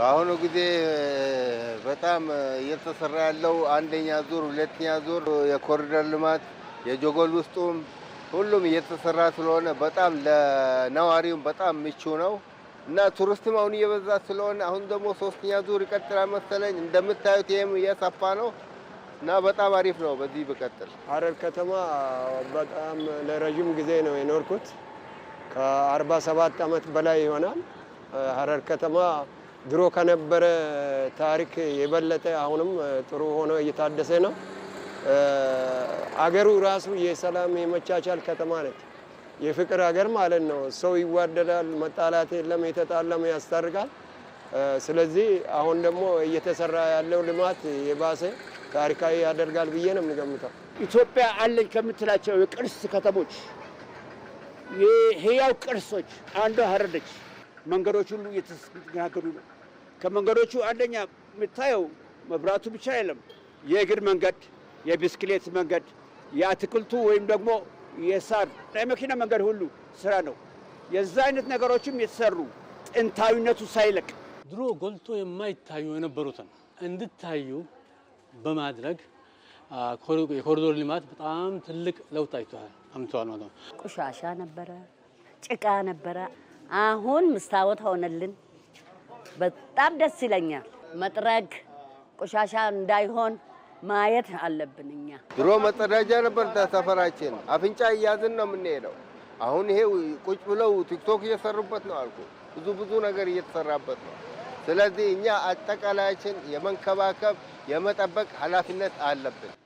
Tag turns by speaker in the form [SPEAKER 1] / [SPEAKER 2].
[SPEAKER 1] በአሁኑ ጊዜ በጣም እየተሰራ ያለው አንደኛ ዙር፣ ሁለተኛ ዙር የኮሪደር ልማት የጆጎል ውስጡም ሁሉም እየተሰራ ስለሆነ በጣም ለነዋሪውም በጣም ምቹ ነው እና ቱሪስትም አሁን እየበዛ ስለሆነ አሁን ደግሞ ሶስተኛ ዙር ይቀጥላል መሰለኝ። እንደምታዩት ይህም እየሰፋ ነው እና በጣም አሪፍ ነው። በዚህ ብቀጥል
[SPEAKER 2] ሀረር ከተማ በጣም ለረዥም ጊዜ ነው የኖርኩት ከ47 ዓመት በላይ ይሆናል ሀረር ከተማ ድሮ ከነበረ ታሪክ የበለጠ አሁንም ጥሩ ሆኖ እየታደሰ ነው። አገሩ ራሱ የሰላም የመቻቻል ከተማ ነች። የፍቅር ሀገር ማለት ነው። ሰው ይዋደዳል፣ መጣላት የለም፣ የተጣለም ያስታርቃል። ስለዚህ አሁን ደግሞ እየተሰራ ያለው ልማት የባሰ ታሪካዊ ያደርጋል ብዬ ነው የሚገምተው።
[SPEAKER 3] ኢትዮጵያ አለኝ ከምትላቸው የቅርስ ከተሞች የህያው ቅርሶች አንዷ ሀረር ነች። መንገዶች ሁሉ እየተስተናገዱ ነው። ከመንገዶቹ አንደኛ የምታየው መብራቱ ብቻ የለም። የእግር መንገድ፣ የብስክሌት መንገድ፣ የአትክልቱ ወይም ደግሞ የሳር የመኪና መንገድ ሁሉ ስራ ነው። የዛ አይነት ነገሮችም የተሰሩ ጥንታዊነቱ ሳይለቅ
[SPEAKER 4] ድሮ ጎልቶ የማይታዩ የነበሩትን እንድታዩ በማድረግ የኮሪዶር ልማት በጣም ትልቅ ለውጥ አይቷል አምተዋል ማለት ነው።
[SPEAKER 5] ቆሻሻ ነበረ፣ ጭቃ ነበረ። አሁን መስታወት ሆነልን። በጣም ደስ ይለኛል። መጥረግ ቆሻሻ እንዳይሆን ማየት አለብን። እኛ
[SPEAKER 6] ድሮ መጸዳጃ ነበር ሰፈራችን። አፍንጫ እያዝን ነው የምንሄደው። አሁን ይሄ ቁጭ ብለው ቲክቶክ እየሰሩበት ነው አልኩ። ብዙ ብዙ ነገር እየተሰራበት ነው። ስለዚህ እኛ አጠቃላያችን የመንከባከብ የመጠበቅ ኃላፊነት አለብን።